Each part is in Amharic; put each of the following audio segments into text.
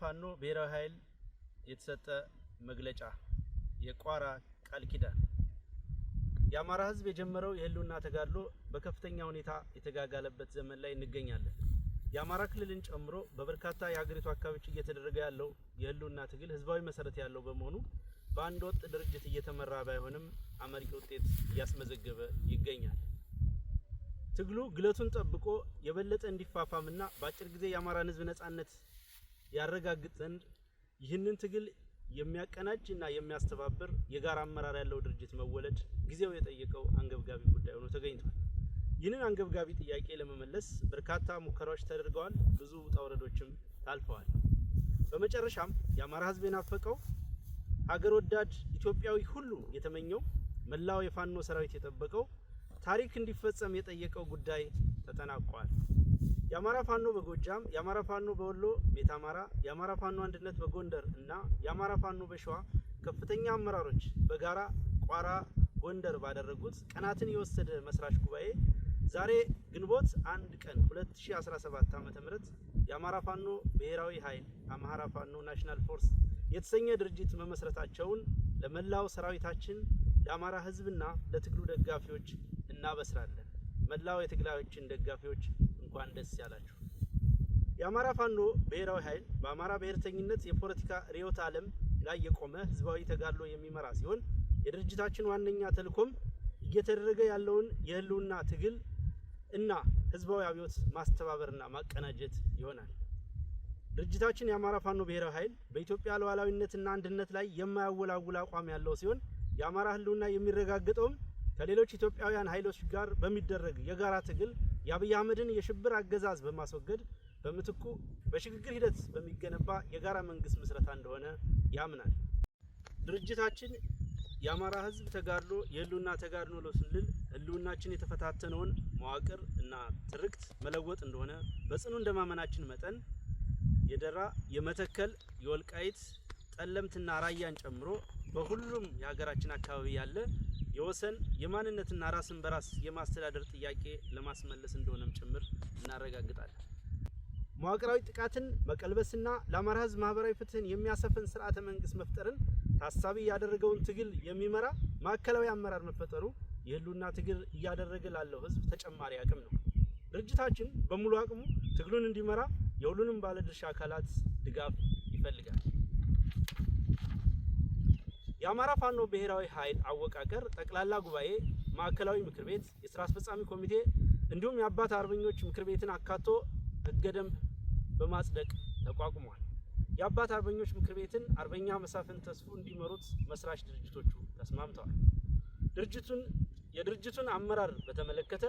ፋኖ ብሔራዊ ኃይል የተሰጠ መግለጫ የቋራ ቃል ኪዳን የአማራ ህዝብ የጀመረው የህልውና ተጋድሎ በከፍተኛ ሁኔታ የተጋጋለበት ዘመን ላይ እንገኛለን። የአማራ ክልልን ጨምሮ በበርካታ የሀገሪቱ አካባቢዎች እየተደረገ ያለው የህልውና ትግል ህዝባዊ መሰረት ያለው በመሆኑ በአንድ ወጥ ድርጅት እየተመራ ባይሆንም አመርቂ ውጤት እያስመዘገበ ይገኛል። ትግሉ ግለቱን ጠብቆ የበለጠ እንዲፋፋምና በአጭር ጊዜ የአማራን ህዝብ ነጻነት ያረጋግጥ ዘንድ ይህንን ትግል የሚያቀናጅ እና የሚያስተባብር የጋራ አመራር ያለው ድርጅት መወለድ ጊዜው የጠየቀው አንገብጋቢ ጉዳይ ሆኖ ተገኝቷል። ይህንን አንገብጋቢ ጥያቄ ለመመለስ በርካታ ሙከራዎች ተደርገዋል። ብዙ ውጣ ውረዶችም ታልፈዋል። በመጨረሻም የአማራ ሕዝብ የናፈቀው ሀገር ወዳድ ኢትዮጵያዊ ሁሉ የተመኘው መላው የፋኖ ሰራዊት የጠበቀው ታሪክ እንዲፈጸም የጠየቀው ጉዳይ ተጠናቋል። የአማራ ፋኖ በጎጃም፣ የአማራ ፋኖ በወሎ ቤት አማራ፣ የአማራ ፋኖ አንድነት በጎንደር እና የአማራ ፋኖ በሸዋ ከፍተኛ አመራሮች በጋራ ቋራ ጎንደር ባደረጉት ቀናትን የወሰደ መስራች ጉባኤ ዛሬ ግንቦት አንድ ቀን 2017 ዓ.ም የአማራ ፋኖ ብሔራዊ ኃይል አማራ ፋኖ ናሽናል ፎርስ የተሰኘ ድርጅት መመስረታቸውን ለመላው ሰራዊታችን ለአማራ ህዝብና ለትግሉ ደጋፊዎች እናበስራለን። መላው የትግላችን ደጋፊዎች እንኳን ደስ ያላችሁ። የአማራ ፋኖ ብሔራዊ ኃይል በአማራ ብሔርተኝነት የፖለቲካ ርዕዮተ ዓለም ላይ የቆመ ህዝባዊ ተጋድሎ የሚመራ ሲሆን የድርጅታችን ዋነኛ ተልኮም እየተደረገ ያለውን የህልውና ትግል እና ህዝባዊ አብዮት ማስተባበርና ማቀናጀት ይሆናል። ድርጅታችን የአማራ ፋኖ ብሔራዊ ኃይል በኢትዮጵያ ሉዓላዊነትና አንድነት ላይ የማያወላውል አቋም ያለው ሲሆን የአማራ ህልውና የሚረጋገጠውም ከሌሎች ኢትዮጵያውያን ኃይሎች ጋር በሚደረግ የጋራ ትግል የአብይ አህመድን የሽብር አገዛዝ በማስወገድ በምትኩ በሽግግር ሂደት በሚገነባ የጋራ መንግስት ምስረታ እንደሆነ ያምናል። ድርጅታችን የአማራ ህዝብ ተጋድሎ የህልውና ተጋድኖ ነው ስንል ህልውናችን የተፈታተነውን መዋቅር እና ትርክት መለወጥ እንደሆነ በጽኑ እንደማመናችን መጠን የደራ፣ የመተከል፣ የወልቃይት፣ ጠለምትና ራያን ጨምሮ በሁሉም የሀገራችን አካባቢ ያለ የወሰን የማንነትና ራስን በራስ የማስተዳደር ጥያቄ ለማስመለስ እንደሆነም ጭምር እናረጋግጣለን። መዋቅራዊ ጥቃትን መቀልበስና ለአማራ ህዝብ ማህበራዊ ፍትህን የሚያሰፍን ስርዓተ መንግስት መፍጠርን ታሳቢ ያደረገውን ትግል የሚመራ ማዕከላዊ አመራር መፈጠሩ የህልውና ትግል እያደረገ ላለው ህዝብ ተጨማሪ አቅም ነው። ድርጅታችን በሙሉ አቅሙ ትግሉን እንዲመራ የሁሉንም ባለድርሻ አካላት ድጋፍ ይፈልጋል። የአማራ ፋኖ ብሔራዊ ኃይል አወቃቀር ጠቅላላ ጉባኤ፣ ማዕከላዊ ምክር ቤት፣ የስራ አስፈጻሚ ኮሚቴ እንዲሁም የአባት አርበኞች ምክር ቤትን አካቶ ህገ ደንብ በማጽደቅ ተቋቁሟል። የአባት አርበኞች ምክር ቤትን አርበኛ መሳፍን ተስፉ እንዲመሩት መስራች ድርጅቶቹ ተስማምተዋል። ድርጅቱን የድርጅቱን አመራር በተመለከተ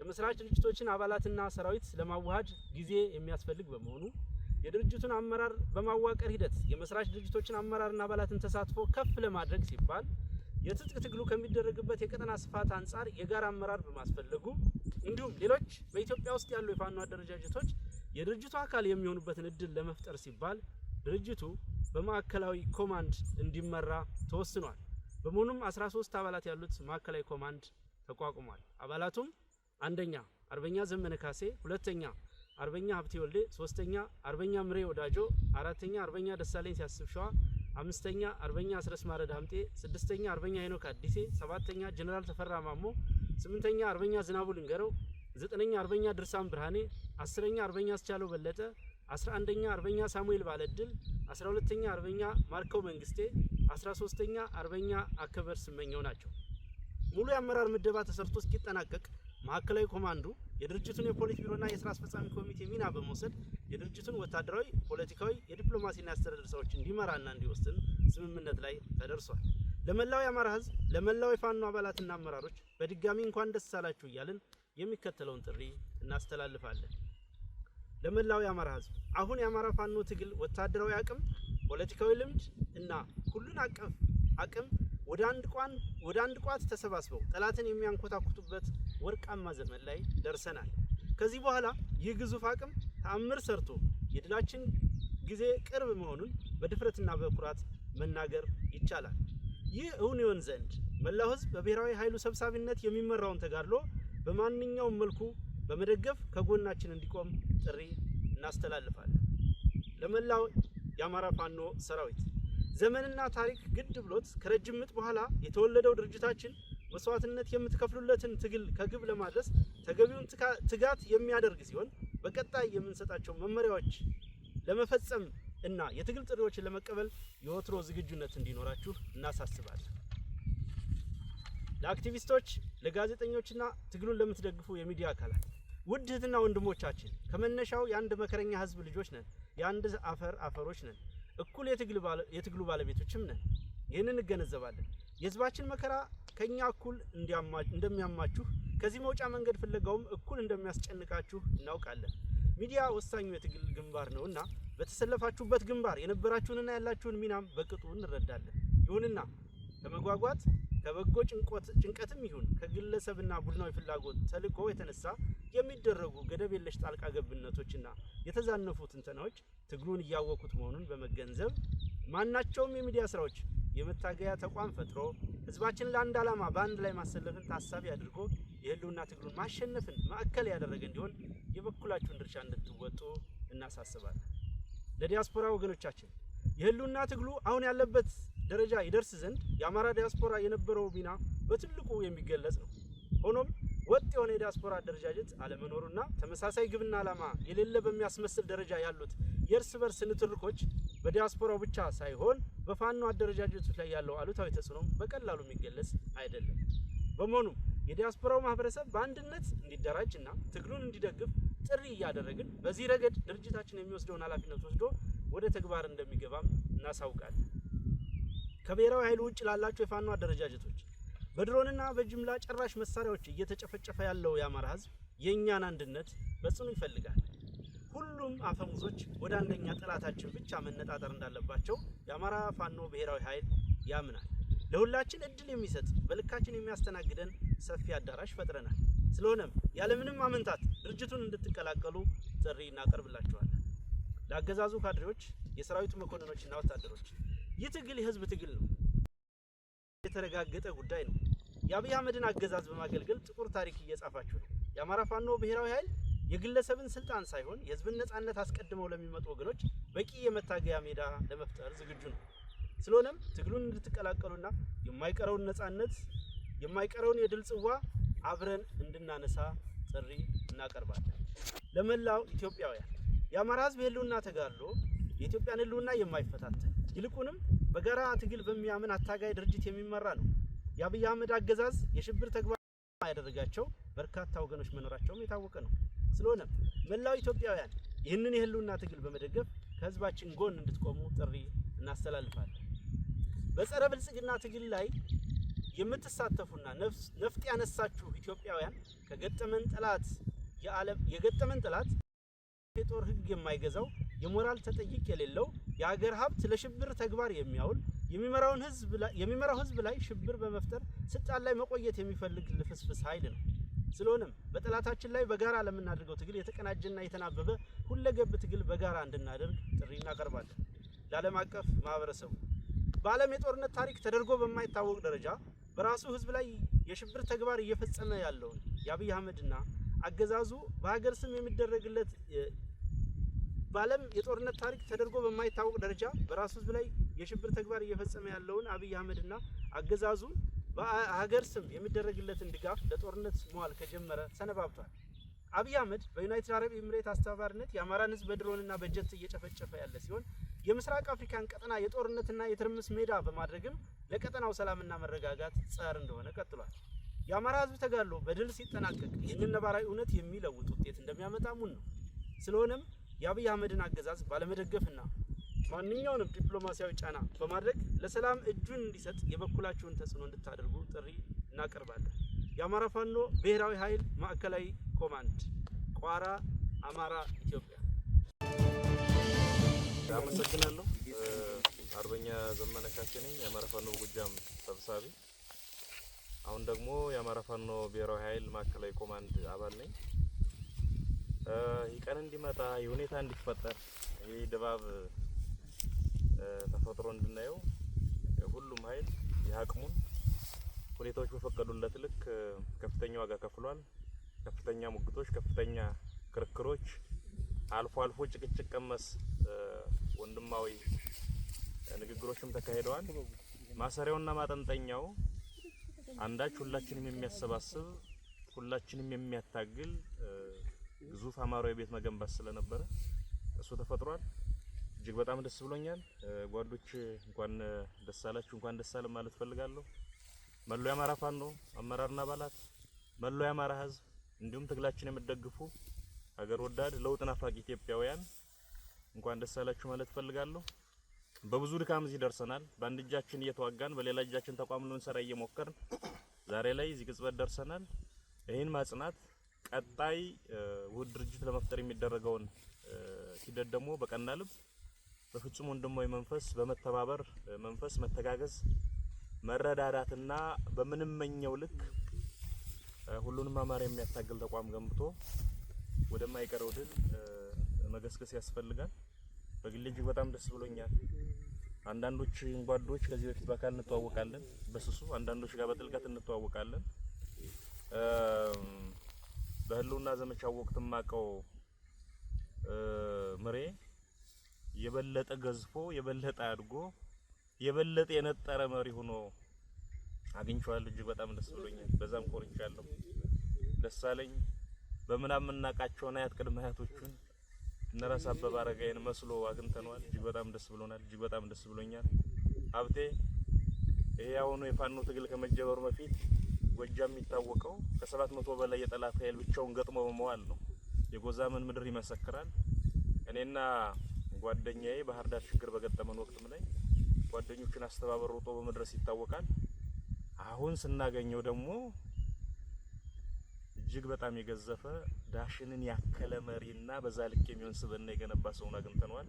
የመስራች ድርጅቶችን አባላትና ሰራዊት ለማዋሃድ ጊዜ የሚያስፈልግ በመሆኑ የድርጅቱን አመራር በማዋቀር ሂደት የመስራች ድርጅቶችን አመራርና አባላትን ተሳትፎ ከፍ ለማድረግ ሲባል የትጥቅ ትግሉ ከሚደረግበት የቀጠና ስፋት አንጻር የጋራ አመራር በማስፈለጉ እንዲሁም ሌሎች በኢትዮጵያ ውስጥ ያሉ የፋኖ አደረጃጀቶች የድርጅቱ አካል የሚሆኑበትን እድል ለመፍጠር ሲባል ድርጅቱ በማዕከላዊ ኮማንድ እንዲመራ ተወስኗል። በመሆኑም 13 አባላት ያሉት ማዕከላዊ ኮማንድ ተቋቁሟል። አባላቱም አንደኛ አርበኛ ዘመነ ካሴ፣ ሁለተኛ አርበኛ ሀብቴ ወልዴ፣ ሶስተኛ አርበኛ ምሬ ወዳጆ፣ አራተኛ አርበኛ ደሳለኝ ሲያስብ ሸዋ፣ አምስተኛ አርበኛ አስረስ ማረድ ሀምጤ፣ ስድስተኛ አርበኛ ሄኖክ አዲሴ፣ ሰባተኛ ጀኔራል ተፈራ ማሞ፣ ስምንተኛ አርበኛ ዝናቡ ልንገረው፣ ዘጠነኛ አርበኛ ድርሳም ብርሃኔ፣ አስረኛ አርበኛ አስቻለው በለጠ፣ አስራ አንደኛ አርበኛ ሳሙኤል ባለድል፣ አስራ ሁለተኛ አርበኛ ማርከው መንግስቴ፣ አስራ ሶስተኛ አርበኛ አከበር ስመኘው ናቸው። ሙሉ የአመራር ምደባ ተሰርቶ እስኪጠናቀቅ ማዕከላዊ ኮማንዱ የድርጅቱን የፖሊት ቢሮና የስራ አስፈጻሚ ኮሚቴ ሚና በመውሰድ የድርጅቱን ወታደራዊ፣ ፖለቲካዊ፣ የዲፕሎማሲና የአስተዳደር ስራዎች እንዲመራና እንዲወስን ስምምነት ላይ ተደርሷል። ለመላው የአማራ ህዝብ፣ ለመላው የፋኖ አባላትና አመራሮች በድጋሚ እንኳን ደስ አላችሁ እያልን የሚከተለውን ጥሪ እናስተላልፋለን። ለመላው የአማራ ህዝብ አሁን የአማራ ፋኖ ትግል ወታደራዊ አቅም፣ ፖለቲካዊ ልምድ እና ሁሉን አቀፍ አቅም ወደ አንድ ቋት ተሰባስበው ጠላትን የሚያንኮታኩቱበት ወርቃማ ዘመን ላይ ደርሰናል። ከዚህ በኋላ ይህ ግዙፍ አቅም ተአምር ሰርቶ የድላችን ጊዜ ቅርብ መሆኑን በድፍረትና በኩራት መናገር ይቻላል። ይህ እውን ይሆን ዘንድ መላው ሕዝብ በብሔራዊ ኃይሉ ሰብሳቢነት የሚመራውን ተጋድሎ በማንኛውም መልኩ በመደገፍ ከጎናችን እንዲቆም ጥሪ እናስተላልፋለን። ለመላው የአማራ ፋኖ ሰራዊት ዘመንና ታሪክ ግድ ብሎት ከረጅም ምጥ በኋላ የተወለደው ድርጅታችን መስዋዕትነት የምትከፍሉለትን ትግል ከግብ ለማድረስ ተገቢውን ትጋት የሚያደርግ ሲሆን በቀጣይ የምንሰጣቸው መመሪያዎች ለመፈጸም እና የትግል ጥሪዎችን ለመቀበል የወትሮ ዝግጁነት እንዲኖራችሁ እናሳስባለን። ለአክቲቪስቶች፣ ለጋዜጠኞችና ትግሉን ለምትደግፉ የሚዲያ አካላት ውድ እህትና ወንድሞቻችን ከመነሻው የአንድ መከረኛ ህዝብ ልጆች ነን። የአንድ አፈር አፈሮች ነን። እኩል የትግሉ ባለቤቶችም ነን። ይህንን እንገነዘባለን። የህዝባችን መከራ ከእኛ እኩል እንደሚያማችሁ ከዚህ መውጫ መንገድ ፍለጋውም እኩል እንደሚያስጨንቃችሁ እናውቃለን። ሚዲያ ወሳኙ የትግል ግንባር እና በተሰለፋችሁበት ግንባር የነበራችሁንና ያላችሁን ሚናም በቅጡ እንረዳለን። ይሁንና ከመጓጓት ከበጎ ጭንቀትም ይሁን ከግለሰብና ቡድናዊ ፍላጎት ተልኮ የተነሳ የሚደረጉ ገደብ የለሽ ጣልቃ ገብነቶችና የተዛነፉ ትንተናዎች ትግሉን እያወቁት መሆኑን በመገንዘብ ማናቸውም የሚዲያ ስራዎች የመታገያ ተቋም ፈጥሮ ህዝባችን ለአንድ ዓላማ በአንድ ላይ ማሰለፍን ታሳቢ አድርጎ የህልውና ትግሉን ማሸነፍን ማዕከል ያደረገ እንዲሆን የበኩላችሁን ድርሻ እንድትወጡ እናሳስባለን። ለዲያስፖራ ወገኖቻችን የህልውና ትግሉ አሁን ያለበት ደረጃ ይደርስ ዘንድ የአማራ ዲያስፖራ የነበረው ሚና በትልቁ የሚገለጽ ነው። ሆኖም ወጥ የሆነ የዲያስፖራ አደረጃጀት አለመኖሩና ተመሳሳይ ግብና ዓላማ የሌለ በሚያስመስል ደረጃ ያሉት የእርስ በርስ ንትርኮች በዲያስፖራው ብቻ ሳይሆን በፋኖ አደረጃጀቶች ላይ ያለው አሉታዊ ተጽዕኖ በቀላሉ የሚገለጽ አይደለም። በመሆኑ የዲያስፖራው ማህበረሰብ በአንድነት እንዲደራጅ እና ትግሉን እንዲደግፍ ጥሪ እያደረግን በዚህ ረገድ ድርጅታችን የሚወስደውን ኃላፊነት ወስዶ ወደ ተግባር እንደሚገባም እናሳውቃለን። ከብሔራዊ ኃይል ውጭ ላላቸው የፋኖ አደረጃጀቶች በድሮንና በጅምላ ጨራሽ መሳሪያዎች እየተጨፈጨፈ ያለው የአማራ ህዝብ የእኛን አንድነት በጽኑ ይፈልጋል። ሁሉም አፈሙዞች ወደ አንደኛ ጠላታችን ብቻ መነጣጠር እንዳለባቸው የአማራ ፋኖ ብሔራዊ ኃይል ያምናል። ለሁላችን እድል የሚሰጥ በልካችን የሚያስተናግደን ሰፊ አዳራሽ ፈጥረናል። ስለሆነም ያለምንም አመንታት ድርጅቱን እንድትቀላቀሉ ጥሪ እናቀርብላችኋለን። ለአገዛዙ ካድሬዎች፣ የሰራዊቱ መኮንኖችና ወታደሮች ይህ ትግል የህዝብ ትግል ነው። የተረጋገጠ ጉዳይ ነው። የአብይ አህመድን አገዛዝ በማገልገል ጥቁር ታሪክ እየጻፋችሁ ነው። የአማራ ፋኖ ብሔራዊ ኃይል የግለሰብን ስልጣን ሳይሆን የህዝብን ነጻነት አስቀድመው ለሚመጡ ወገኖች በቂ የመታገያ ሜዳ ለመፍጠር ዝግጁ ነው። ስለሆነም ትግሉን እንድትቀላቀሉና የማይቀረውን ነጻነት የማይቀረውን የድል ጽዋ አብረን እንድናነሳ ጥሪ እናቀርባለን። ለመላው ኢትዮጵያውያን የአማራ ህዝብ የህልውና ተጋድሎ የኢትዮጵያን ህልውና የማይፈታተን ይልቁንም በጋራ ትግል በሚያምን አታጋይ ድርጅት የሚመራ ነው። የአብይ አህመድ አገዛዝ የሽብር ተግባር ያደረጋቸው በርካታ ወገኖች መኖራቸውም የታወቀ ነው። ስለሆነ መላው ኢትዮጵያውያን ይህንን የህልውና ትግል በመደገፍ ከህዝባችን ጎን እንድትቆሙ ጥሪ እናስተላልፋለን። በጸረ ብልጽግና ትግል ላይ የምትሳተፉና ነፍጥ ያነሳችሁ ኢትዮጵያውያን ከገጠመን ጠላት የዓለም የገጠመን ጠላት የጦር ህግ የማይገዛው የሞራል ተጠይቅ የሌለው የሀገር ሀብት ለሽብር ተግባር የሚያውል የሚመራውን ህዝብ የሚመራው ህዝብ ላይ ሽብር በመፍጠር ስልጣን ላይ መቆየት የሚፈልግ ልፍስፍስ ኃይል ነው። ስለሆነም በጠላታችን ላይ በጋራ ለምናደርገው ትግል የተቀናጀና የተናበበ ሁለገብ ትግል በጋራ እንድናደርግ ጥሪ እናቀርባለን። ለዓለም አቀፍ ማህበረሰቡ በዓለም የጦርነት ታሪክ ተደርጎ በማይታወቅ ደረጃ በራሱ ህዝብ ላይ የሽብር ተግባር እየፈጸመ ያለውን የአብይ አህመድና አገዛዙ በሀገር ስም የሚደረግለት በዓለም የጦርነት ታሪክ ተደርጎ በማይታወቅ ደረጃ በራሱ ህዝብ ላይ የሽብር ተግባር እየፈጸመ ያለውን አብይ አህመድና አገዛዙ በሀገር ስም የሚደረግለትን ድጋፍ ለጦርነት መዋል ከጀመረ ሰነባብቷል። አብይ አህመድ በዩናይትድ አረብ ኤምሬት አስተባባሪነት የአማራን ሕዝብ በድሮንና በጀት እየጨፈጨፈ ያለ ሲሆን የምስራቅ አፍሪካን ቀጠና የጦርነትና የትርምስ ሜዳ በማድረግም ለቀጠናው ሰላምና መረጋጋት ጸር እንደሆነ ቀጥሏል። የአማራ ሕዝብ ተጋድሎ በድል ሲጠናቀቅ ይህንን ነባራዊ እውነት የሚለውጥ ውጤት እንደሚያመጣ ሙን ነው። ስለሆነም የአብይ አህመድን አገዛዝ ባለመደገፍና ማንኛውንም ዲፕሎማሲያዊ ጫና በማድረግ ለሰላም እጁን እንዲሰጥ የበኩላችሁን ተጽዕኖ እንድታደርጉ ጥሪ እናቀርባለን። የአማራ ፋኖ ብሔራዊ ኃይል ማዕከላዊ ኮማንድ ቋራ፣ አማራ፣ ኢትዮጵያ። አመሰግናለሁ። አርበኛ ዘመነ ካሴ ነኝ፣ የአማራ ፋኖ ጎጃም ሰብሳቢ። አሁን ደግሞ የአማራ ፋኖ ብሔራዊ ኃይል ማዕከላዊ ኮማንድ አባል ነኝ። ይህ ቀን እንዲመጣ የሁኔታ እንዲፈጠር ይህ ድባብ ተፈጥሮ እንድናየው ሁሉም ኃይል የአቅሙን ሁኔታዎች በፈቀዱለት ልክ ከፍተኛ ዋጋ ከፍሏል። ከፍተኛ ሙግቶች፣ ከፍተኛ ክርክሮች፣ አልፎ አልፎ ጭቅጭቅ ቀመስ ወንድማዊ ንግግሮችም ተካሂደዋል። ማሰሪያውና ማጠንጠኛው አንዳች ሁላችንም የሚያሰባስብ ሁላችንም የሚያታግል ግዙፍ አማራዊ ቤት መገንባት ስለነበረ እሱ ተፈጥሯል። እጅግ በጣም ደስ ብሎኛል። ጓዶች እንኳን ደስ አላችሁ፣ እንኳን ደስ አለ ማለት ፈልጋለሁ። መላው የአማራ ፋኖ አመራርና አባላት፣ መላው የአማራ ህዝብ፣ እንዲሁም ትግላችን የምትደግፉ ሀገር ወዳድ ለውጥ ናፋቂ ኢትዮጵያውያን እንኳን ደስ አላችሁ ማለት ፈልጋለሁ። በብዙ ድካም እዚህ ደርሰናል። በአንድ እጃችን እየተዋጋን በሌላ እጃችን ተቋም ልንሰራ እየሞከርን ዛሬ ላይ እዚህ ቅጽበት ደርሰናል። ይህን ማጽናት ቀጣይ ውህድ ድርጅት ለመፍጠር የሚደረገውን ሂደት ደግሞ በቀና ልብ በፍጹም ወንድማዊ መንፈስ በመተባበር መንፈስ መተጋገዝ፣ መረዳዳትና በምንመኘው ልክ ሁሉንም አማራ የሚያታግል ተቋም ገንብቶ ወደማይቀረው ድል መገስገስ ያስፈልጋል። በግሌ እጅግ በጣም ደስ ብሎኛል። አንዳንዶች እንጓዶች ከዚህ በፊት በአካል እንተዋወቃለን፣ በስሱ አንዳንዶች ጋር በጥልቀት እንተዋወቃለን። በህልውና ዘመቻው ወቅት ማቀው ምሬ የበለጠ ገዝፎ የበለጠ አድጎ የበለጠ የነጠረ መሪ ሆኖ አግኝቼዋለሁ። እጅግ በጣም ደስ ብሎኛል። በዛም ቆርቻለሁ። ደስ አለኝ። በምናምን የምናውቃቸውን አያት ቅድመ አያቶቹን እነራስ አበበ አረጋይን መስሎ አግኝተነዋል። እጅግ በጣም ደስ ብሎናል። እጅግ በጣም ደስ ብሎኛል። ሀብቴ ይሄ አሁኑ የፋኖ ትግል ከመጀመሩ በፊት ጎጃም የሚታወቀው ከሰባት መቶ በላይ የጠላት ኃይል ብቻውን ገጥሞ በመዋል ነው። የጎዛመን ምድር ይመሰክራል። እኔና ጓደኛዬ ባህር ዳር ችግር በገጠመን ወቅትም ላይ ጓደኞቹን አስተባበር ሮጦ በመድረስ ይታወቃል። አሁን ስናገኘው ደግሞ እጅግ በጣም የገዘፈ ዳሽንን ያከለ መሪና በዛ ልክ የሚሆን ስብና የገነባ ሰውን አግኝተነዋል።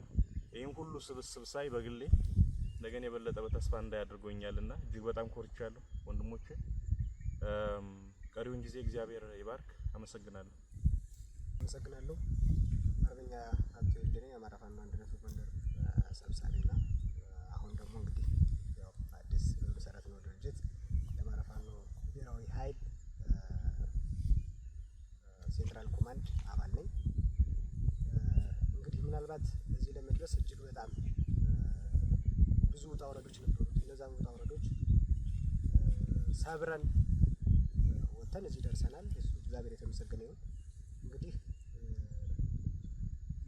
ይህን ሁሉ ስብስብ ሳይ በግሌ ነገን የበለጠ በተስፋ እንዳያድርጎኛልና እጅግ በጣም ኮርቻለሁ ወንድሞቼ። ቀሪውን ጊዜ እግዚአብሔር ይባርክ። አመሰግናለሁ። አመሰግናለሁ። አርበኛ ወልድ ነኝ የአማራ ፋኖ አንድነት ጎንደር ሰብሳቢ እና አሁን ደግሞ እንግዲህ ያው አዲስ መሰረት ነው ድርጅት የአማራ ፋኖ ብሔራዊ ኃይል ሴንትራል ኮማንድ አባል ነኝ። እንግዲህ ምናልባት እዚህ ለመድረስ እጅግ በጣም ብዙ ውጣ ውረዶች ነበሩት። እነዛን ውጣ ውረዶች ሰብረን ወጥተን እዚህ ደርሰናል። እግዚአብሔር የተመሰገነ ይሁን።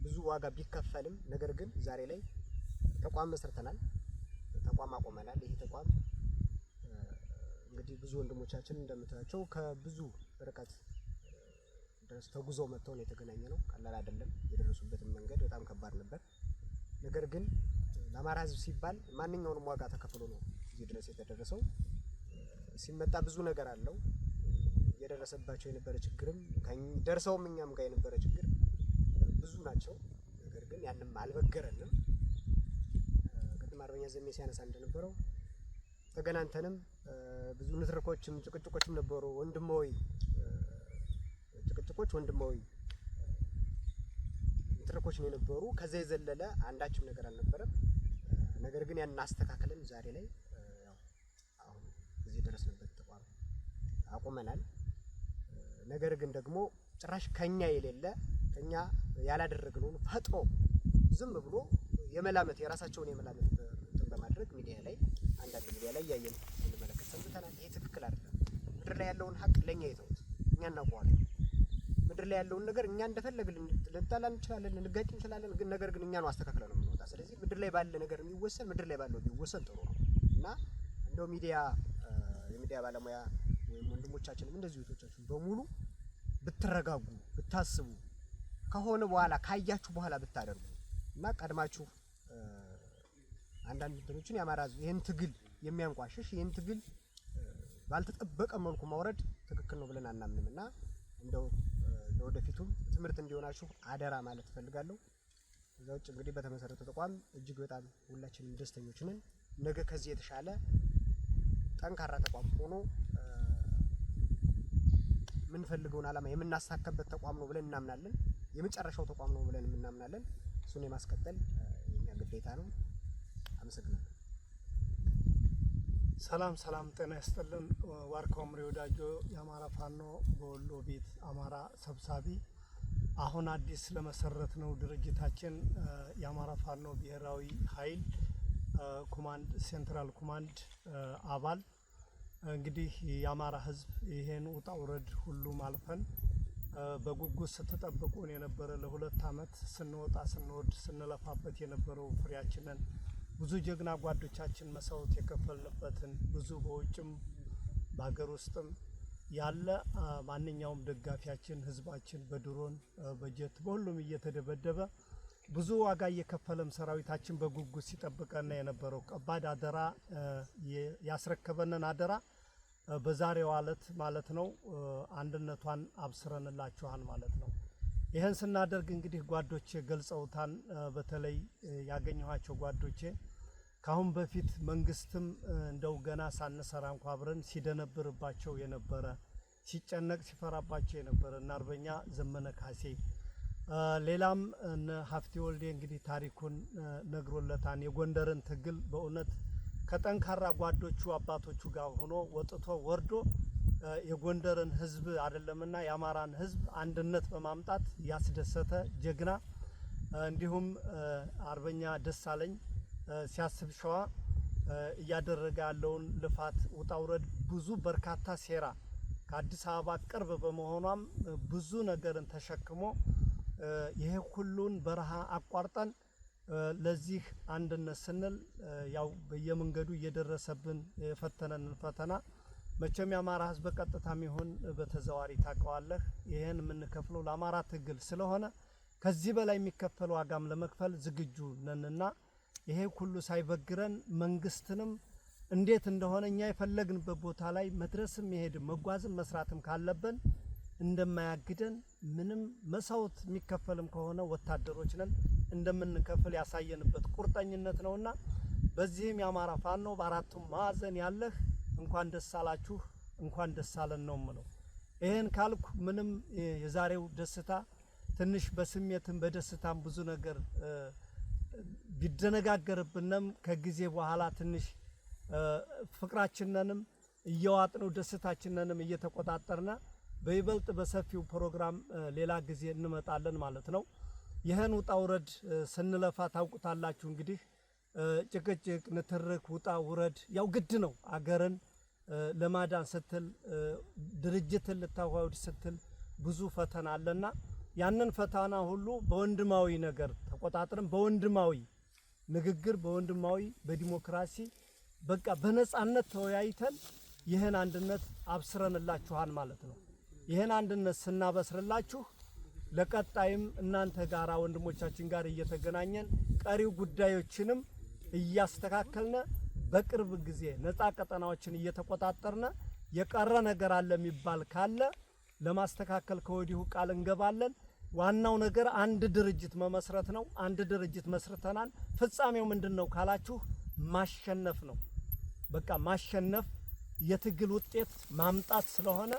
ብዙ ዋጋ ቢከፈልም ነገር ግን ዛሬ ላይ ተቋም መስርተናል፣ ተቋም አቆመናል። ይህ ተቋም እንግዲህ ብዙ ወንድሞቻችን እንደምታያቸው ከብዙ ርቀት ድረስ ተጉዘው መጥተው ነው የተገናኘ ነው። ቀላል አይደለም። የደረሱበትን መንገድ በጣም ከባድ ነበር። ነገር ግን ለአማራ ሕዝብ ሲባል ማንኛውንም ዋጋ ተከፍሎ ነው እዚህ ድረስ የተደረሰው። ሲመጣ ብዙ ነገር አለው። የደረሰባቸው የነበረ ችግርም ደርሰውም እኛም ጋር የነበረ ችግር ብዙ ናቸው። ነገር ግን ያንም አልበገረንም። ቅድም አርበኛ ዘሜ ሲያነሳ እንደነበረው ተገናንተንም ብዙ ንትርኮችም ጭቅጭቆችም ነበሩ። ወንድማዊ ጭቅጭቆች፣ ወንድማዊ ንትርኮች ነው የነበሩ። ከዛ የዘለለ አንዳችም ነገር አልነበረም። ነገር ግን ያን አስተካክለን ዛሬ ላይ አሁን እዚህ ደረስንበት። ተቋም አቁመናል። ነገር ግን ደግሞ ጭራሽ ከኛ የሌለ እኛ ያላደረግነውን ፈጥሮ ዝም ብሎ የመላመት የራሳቸውን የመላመት በማድረግ ሚዲያ ላይ አንዳንድ ሚዲያ ላይ እያየን እንመለከት ሰንብተናል። ይሄ ትክክል አይደለም። ምድር ላይ ያለውን ሀቅ ለእኛ የተውት እኛ እናውቀዋለን። ምድር ላይ ያለውን ነገር እኛ እንደፈለግ ልንጣላ እንችላለን፣ ልንጋጭ እንችላለን። ግን ነገር ግን እኛ ነው አስተካክለ ነው የምንወጣ። ስለዚህ ምድር ላይ ባለ ነገር የሚወሰን ምድር ላይ ባለው ቢወሰን ጥሩ ነው እና እንደው ሚዲያ የሚዲያ ባለሙያ ወይም ወንድሞቻችንም እንደዚሁ እህቶቻችን በሙሉ ብትረጋጉ ብታስቡ ከሆነ በኋላ ካያችሁ በኋላ ብታደርጉ እና ቀድማችሁ አንዳንድ እንትኖችን ያማራዙ ይህን ትግል የሚያንቋሽሽ ይህን ትግል ባልተጠበቀ መልኩ ማውረድ ትክክል ነው ብለን አናምንም እና እንደው ለወደፊቱም ትምህርት እንዲሆናችሁ አደራ ማለት እፈልጋለሁ። እዛ ውጭ እንግዲህ በተመሰረተ ተቋም እጅግ በጣም ሁላችንም ደስተኞች ነን። ነገ ከዚህ የተሻለ ጠንካራ ተቋም ሆኖ የምንፈልገውን ዓላማ የምናሳከበት ተቋም ነው ብለን እናምናለን። የመጨረሻው ተቋም ነው ብለን የምናምናለን። እሱን የማስቀጠል የኛ ግዴታ ነው። አመሰግናለሁ። ሰላም ሰላም፣ ጤና ይስጥልን። ዋርካው ምሬ ወዳጆ የአማራ ፋኖ በወሎ ቤት አማራ ሰብሳቢ፣ አሁን አዲስ ለመሰረት ነው ድርጅታችን የአማራ ፋኖ ብሔራዊ ኃይል ኮማንድ ሴንትራል ኮማንድ አባል እንግዲህ የአማራ ሕዝብ ይሄን ውጣ ውረድ ሁሉም አልፈን በጉጉት ስትጠብቁን የነበረ ለሁለት ዓመት ስንወጣ ስንወድ ስንለፋበት የነበረው ፍሬያችንን ብዙ ጀግና ጓዶቻችን መስዋዕት የከፈልንበትን ብዙ በውጭም በሀገር ውስጥም ያለ ማንኛውም ደጋፊያችን ህዝባችን በድሮን በጀት በሁሉም እየተደበደበ ብዙ ዋጋ እየከፈለም ሰራዊታችን በጉጉት ሲጠብቀን የነበረው ከባድ አደራ ያስረከበንን አደራ በዛሬዋ ዕለት ማለት ነው አንድነቷን አብስረንላችኋል ማለት ነው። ይህን ስናደርግ እንግዲህ ጓዶቼ ገልጸውታን። በተለይ ያገኘኋቸው ጓዶቼ ካሁን በፊት መንግስትም እንደው ገና ሳንሰራ እንኳ አብረን ሲደነብርባቸው የነበረ ሲጨነቅ ሲፈራባቸው የነበረ እና አርበኛ ዘመነ ካሴ ሌላም እነ ሀፍቴ ወልዴ እንግዲህ ታሪኩን ነግሮለታን የጎንደርን ትግል በእውነት ከጠንካራ ጓዶቹ አባቶቹ ጋር ሆኖ ወጥቶ ወርዶ የጎንደርን ህዝብ አይደለምና የአማራን ህዝብ አንድነት በማምጣት ያስደሰተ ጀግና እንዲሁም አርበኛ ደሳለኝ ሲያስብ ሸዋ እያደረገ ያለውን ልፋት ውጣውረድ ብዙ በርካታ ሴራ ከአዲስ አበባ ቅርብ በመሆኗም ብዙ ነገርን ተሸክሞ ይሄ ሁሉን በረሃ አቋርጠን ለዚህ አንድነት ስንል ያው በየመንገዱ እየደረሰብን የፈተነንን ፈተና መቼም የአማራ ሕዝብ በቀጥታም ይሁን በተዘዋሪ ታውቀዋለህ። ይህን የምንከፍለው ለአማራ ትግል ስለሆነ ከዚህ በላይ የሚከፈል ዋጋም ለመክፈል ዝግጁ ነንና ይሄ ሁሉ ሳይበግረን መንግስትንም እንዴት እንደሆነ እኛ የፈለግንበት ቦታ ላይ መድረስም መሄድም መጓዝም መስራትም ካለብን እንደማያግደን ምንም መስዋዕት የሚከፈልም ከሆነ ወታደሮች ነን እንደምንከፍል ያሳየንበት ቁርጠኝነት ነውና በዚህም የአማራ ፋኖ በአራቱም ማዕዘን ያለህ እንኳን ደስ አላችሁ እንኳን ደስ አለን ነው ምለው። ይህን ካልኩ ምንም የዛሬው ደስታ ትንሽ በስሜትም በደስታም ብዙ ነገር ቢደነጋገርብንም ከጊዜ በኋላ ትንሽ ፍቅራችንንም እየዋጥነው ደስታችንንም እየተቆጣጠርና በይበልጥ በሰፊው ፕሮግራም ሌላ ጊዜ እንመጣለን ማለት ነው። ይህን ውጣ ውረድ ስንለፋ ታውቁታላችሁ። እንግዲህ ጭቅጭቅ፣ ንትርክ፣ ውጣ ውረድ ያው ግድ ነው። አገርን ለማዳን ስትል ድርጅትን ልታዋወድ ስትል ብዙ ፈተና አለና ያንን ፈተና ሁሉ በወንድማዊ ነገር ተቆጣጥረን በወንድማዊ ንግግር በወንድማዊ በዲሞክራሲ በቃ በነጻነት ተወያይተን ይህን አንድነት አብስረንላችኋል ማለት ነው። ይህን አንድነት ስናበስርላችሁ ለቀጣይም እናንተ ጋር ወንድሞቻችን ጋር እየተገናኘን ቀሪው ጉዳዮችንም እያስተካከልነ በቅርብ ጊዜ ነፃ ቀጠናዎችን እየተቆጣጠርነ የቀረ ነገር አለ የሚባል ካለ ለማስተካከል ከወዲሁ ቃል እንገባለን። ዋናው ነገር አንድ ድርጅት መመስረት ነው። አንድ ድርጅት መስርተናል። ፍጻሜው ምንድን ነው ካላችሁ ማሸነፍ ነው። በቃ ማሸነፍ የትግል ውጤት ማምጣት ስለሆነ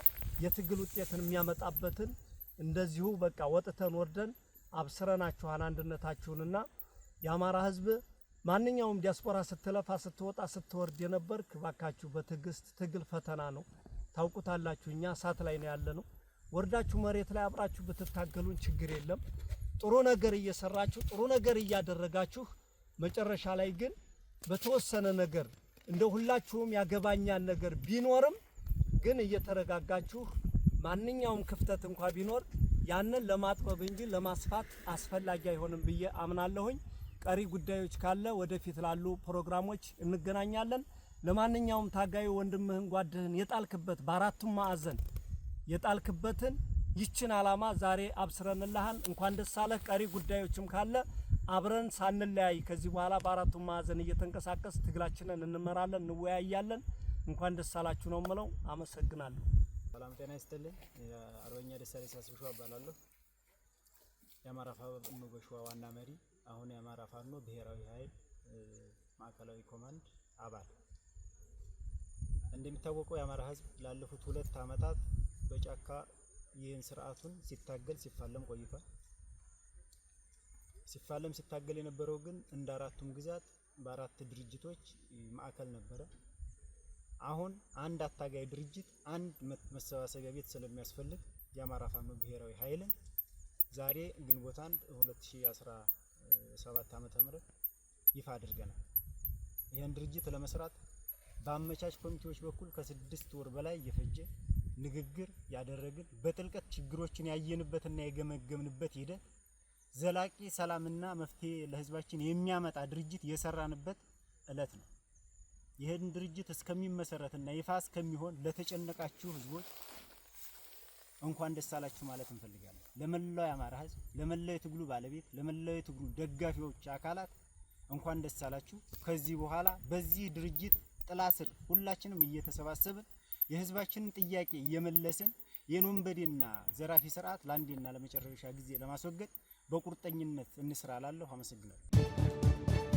የትግል ውጤትን የሚያመጣበትን እንደዚሁ በቃ ወጥተን ወርደን አብስረናችኋል አንድነታችሁንና የአማራ ህዝብ ማንኛውም ዲያስፖራ ስትለፋ ስትወጣ ስትወርድ የነበር ባካችሁ በትዕግስት ትግል ፈተና ነው። ታውቁታላችሁ። እኛ እሳት ላይ ነው ያለነው። ወርዳችሁ መሬት ላይ አብራችሁ ብትታገሉን ችግር የለም። ጥሩ ነገር እየሰራችሁ ጥሩ ነገር እያደረጋችሁ መጨረሻ ላይ ግን በተወሰነ ነገር እንደ ሁላችሁም ያገባኛን ነገር ቢኖርም ግን እየተረጋጋችሁ ማንኛውም ክፍተት እንኳ ቢኖር ያንን ለማጥበብ እንጂ ለማስፋት አስፈላጊ አይሆንም ብዬ አምናለሁኝ። ቀሪ ጉዳዮች ካለ ወደፊት ላሉ ፕሮግራሞች እንገናኛለን። ለማንኛውም ታጋዩ ወንድምህን ጓድህን የጣልክበት በአራቱም ማዕዘን የጣልክበትን ይችን አላማ ዛሬ አብስረንልሃን እንኳን ደስ አለህ። ቀሪ ጉዳዮችም ካለ አብረን ሳንለያይ ከዚህ በኋላ በአራቱም ማዕዘን እየተንቀሳቀስ ትግላችንን እንመራለን፣ እንወያያለን። እንኳን ደስ አላችሁ ነው የምለው። አመሰግናለሁ። ሰላም ጤና ይስጥልኝ። አርበኛ ደሳሌ ሳስብሾ እባላለሁ የአማራ ፋኖ በሸዋ ዋና መሪ፣ አሁን የአማራ ፋኖ ብሔራዊ ኃይል ማዕከላዊ ኮማንድ አባል። እንደሚታወቀው የአማራ ህዝብ ላለፉት ሁለት ዓመታት በጫካ ይህን ስርዓቱን ሲታገል ሲፋለም ቆይቷል። ሲፋለም ሲታገል የነበረው ግን እንደ አራቱም ግዛት በአራት ድርጅቶች ማዕከል ነበረ። አሁን አንድ አታጋይ ድርጅት አንድ መሰባሰቢያ ቤት ስለሚያስፈልግ የአማራ ፋኖ ብሔራዊ ኃይልን ዛሬ ግንቦት 2017 ዓ ም ይፋ አድርገናል። ይህን ድርጅት ለመስራት በአመቻች ኮሚቴዎች በኩል ከስድስት ወር በላይ የፈጀ ንግግር ያደረግን በጥልቀት ችግሮችን ያየንበትና የገመገምንበት ሂደት ዘላቂ ሰላምና መፍትሄ ለህዝባችን የሚያመጣ ድርጅት የሰራንበት እለት ነው። ይህን ድርጅት እስከሚመሰረትና ይፋ እስከሚሆን ለተጨነቃችሁ ህዝቦች እንኳን ደስ አላችሁ ማለት እንፈልጋለን። ለመላው የአማራ ህዝብ፣ ለመላው የትግሉ ባለቤት፣ ለመላው የትግሉ ደጋፊዎች አካላት እንኳን ደስ አላችሁ። ከዚህ በኋላ በዚህ ድርጅት ጥላ ስር ሁላችንም እየተሰባሰብን የህዝባችንን ጥያቄ እየመለስን የኖንበዴና ዘራፊ ስርዓት ለአንዴና ለመጨረሻ ጊዜ ለማስወገድ በቁርጠኝነት እንስራ እላለሁ። አመሰግናለሁ።